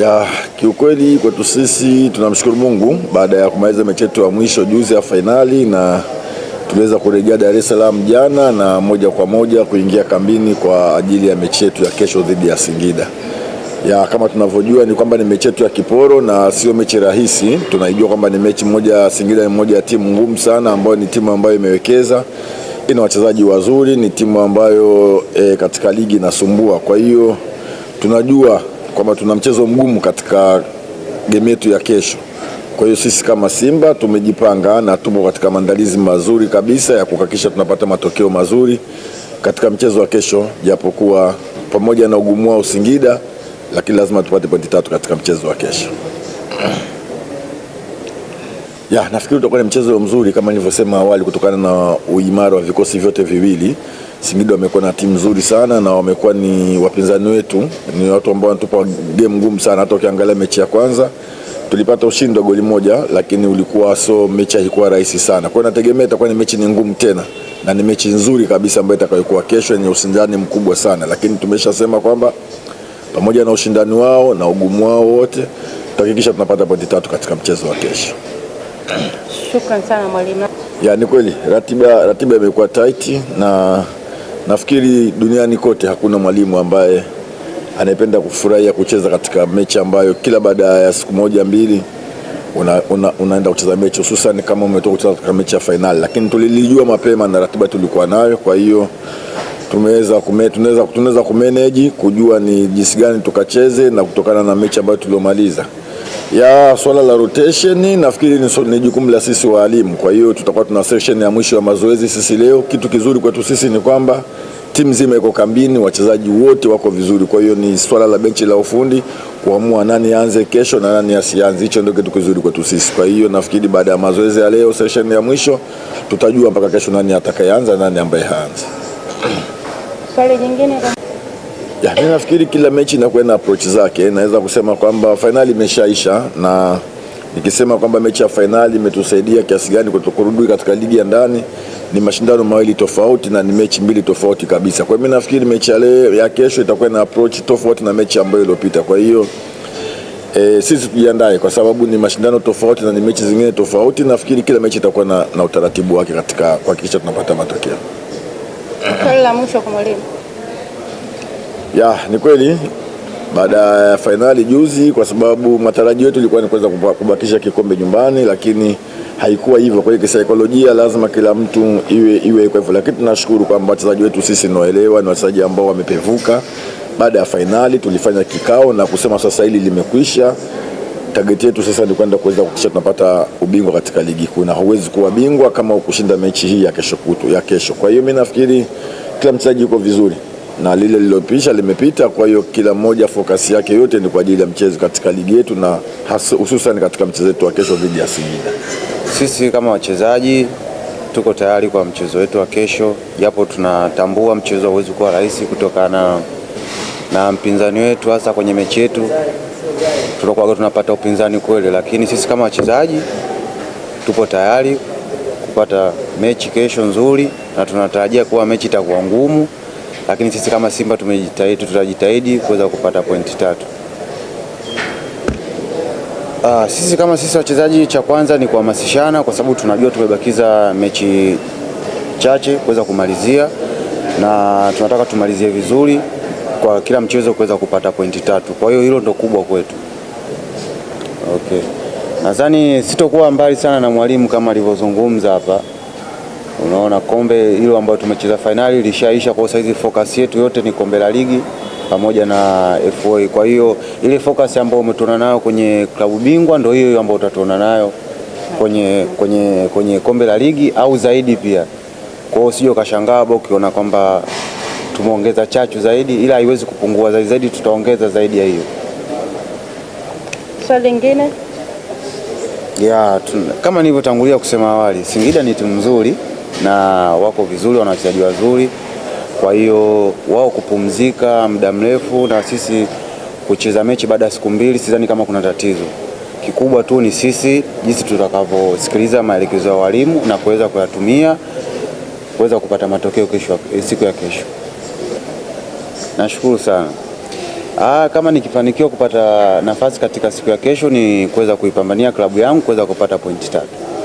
Ya kiukweli kwetu sisi tunamshukuru Mungu baada ya kumaliza mechi yetu ya mwisho juzi ya fainali, na tuliweza kurejea Dar es Salaam jana na moja kwa moja kuingia kambini kwa ajili ya mechi yetu ya kesho dhidi ya Singida. Ya kama tunavyojua ni kwamba ni mechi yetu ya kiporo na sio mechi rahisi. Tunaijua kwamba ni mechi moja, Singida ni moja ya timu ngumu sana, ambayo ni timu ambayo imewekeza, ina wachezaji wazuri, ni timu ambayo e, katika ligi inasumbua, kwa hiyo tunajua kwamba tuna mchezo mgumu katika game yetu ya kesho. Kwa hiyo sisi kama Simba tumejipanga na tumo katika maandalizi mazuri kabisa ya kuhakikisha tunapata matokeo mazuri katika mchezo wa kesho, japokuwa pamoja na ugumu wao Singida, lakini lazima tupate pointi tatu katika mchezo wa kesho. Ya, nafikiri utakuwa ni mchezo mzuri kama nilivyosema awali, kutokana na uimara wa vikosi vyote viwili. Singida wamekuwa na timu nzuri sana na wamekuwa ni wapinzani wetu, ni watu ambao wanatupa game ngumu sana. Hata ukiangalia mechi ya kwanza tulipata ushindi wa goli moja, lakini ulikuwa so mechi haikuwa rahisi sana. Kwa hiyo nategemea itakuwa ni mechi ni ngumu tena na ni mechi nzuri kabisa ambayo itakayokuwa kesho yenye ushindani mkubwa sana, lakini tumeshasema kwamba pamoja na ushindani wao na ugumu wao wote tutahakikisha tunapata pointi tatu katika mchezo wa kesho. Shukrani sana mwalimu. Ya, ni kweli ratiba ratiba imekuwa tight na Nafikiri duniani kote hakuna mwalimu ambaye anayependa kufurahia kucheza katika mechi ambayo kila baada ya siku moja mbili una, una, unaenda kucheza mechi hususan kama umetoka kucheza katika mechi ya fainali, lakini tulilijua mapema na ratiba tulikuwa nayo, kwa hiyo tumeweza kume, tunaweza kumeneji kujua ni jinsi gani tukacheze na kutokana na mechi ambayo tuliomaliza ya swala la rotation, nafikiri ni jukumu la sisi waalimu. Kwa hiyo tutakuwa tuna session ya mwisho ya mazoezi sisi leo. Kitu kizuri kwetu sisi ni kwamba timu zima iko kambini, wachezaji wote wako vizuri. Kwa hiyo ni swala la benchi la ufundi kuamua nani aanze kesho na nani asianze. Hicho ndio kitu kizuri kwetu sisi. Kwa hiyo nafikiri baada ya mazoezi ya leo, session ya mwisho, tutajua mpaka kesho nani atakayeanza nani ambaye haanze. Swali jingine ya, mimi nafikiri kila mechi inakuwa na approach zake. Naweza kusema kwamba fainali imeshaisha na nikisema kwamba mechi ya fainali imetusaidia kiasi gani kutokurudi katika ligi ya ndani, ni mashindano mawili tofauti na ni mechi mbili tofauti kabisa. Kwa hiyo mimi nafikiri mechi ya leo ya kesho itakuwa na approach tofauti na mechi ambayo iliyopita. Kwa hiyo e, sisi tujiandae kwa sababu ni mashindano tofauti na ni mechi zingine tofauti. Nafikiri kila mechi itakuwa na, na utaratibu wake katika kuhakikisha tunapata matokeo. Swali la mwisho kwa mwalimu. Ya, ni kweli baada ya fainali juzi, kwa sababu matarajio yetu ilikuwa ni kuweza kubakisha kikombe nyumbani, lakini haikuwa hivyo. Kwa hiyo kisaikolojia lazima kila mtu iwe iwe iko hivyo, lakini tunashukuru kwamba wachezaji wetu sisi naelewa ni wachezaji ambao wamepevuka. Baada ya fainali tulifanya kikao na kusema sasa hili limekwisha. Tageti yetu sasa ni kwenda kuweza kuhakikisha tunapata ubingwa katika ligi kuu, na huwezi kuwa bingwa kama ukushinda mechi hii ya kesho kutu ya kesho. Kwa hiyo mimi nafikiri kila mchezaji yuko vizuri na lile lilopisha limepita. Kwa hiyo kila mmoja fokasi yake yote ni kwa ajili ya mchezo katika ligi yetu na hususan katika mchezo wetu wa kesho dhidi ya Singida. Sisi kama wachezaji tuko tayari kwa mchezo wetu wa kesho, japo tunatambua mchezo hauwezi kuwa rahisi kutokana na mpinzani wetu, hasa kwenye mechi yetu tunakuwa tunapata upinzani kweli, lakini sisi kama wachezaji tupo tayari kupata mechi kesho nzuri, na tunatarajia kuwa mechi itakuwa ngumu lakini sisi kama Simba tumejitahidi, tutajitahidi kuweza kupata pointi tatu. Uh, sisi kama sisi wachezaji, cha kwanza ni kuhamasishana, kwa sababu tunajua tumebakiza mechi chache kuweza kumalizia, na tunataka tumalizie vizuri kwa kila mchezo kuweza kupata pointi tatu. Kwa hiyo hilo ndo kubwa kwetu. Okay, nadhani sitokuwa mbali sana na mwalimu kama alivyozungumza hapa. Unaona, kombe hilo ambayo tumecheza fainali lishaisha, kwa saizi focus yetu yote ni kombe la ligi pamoja na FA. Kwa hiyo ile focus ambayo umetuona nayo kwenye klabu bingwa ndio hiyo ambayo utatuona nayo kwenye, kwenye, kwenye kombe la ligi au zaidi pia. Kwa hiyo sio kashangaa bado ukiona kwamba tumeongeza chachu zaidi, ila haiwezi kupungua zaidi zaidi, tutaongeza zaidi ya hiyo. Swali lingine ya kama nilivyotangulia kusema awali, Singida ni timu nzuri na wako vizuri, wana wachezaji wazuri. Kwa hiyo wao kupumzika muda mrefu na sisi kucheza mechi baada ya siku mbili, sidhani kama kuna tatizo kikubwa. Tu ni sisi jinsi tutakavyosikiliza maelekezo ya walimu na kuweza kuyatumia kuweza kupata matokeo kesho, siku ya kesho. Nashukuru sana. Aa, ah, kama nikifanikiwa kupata nafasi katika siku ya kesho ni kuweza kuipambania klabu yangu kuweza kupata pointi tatu.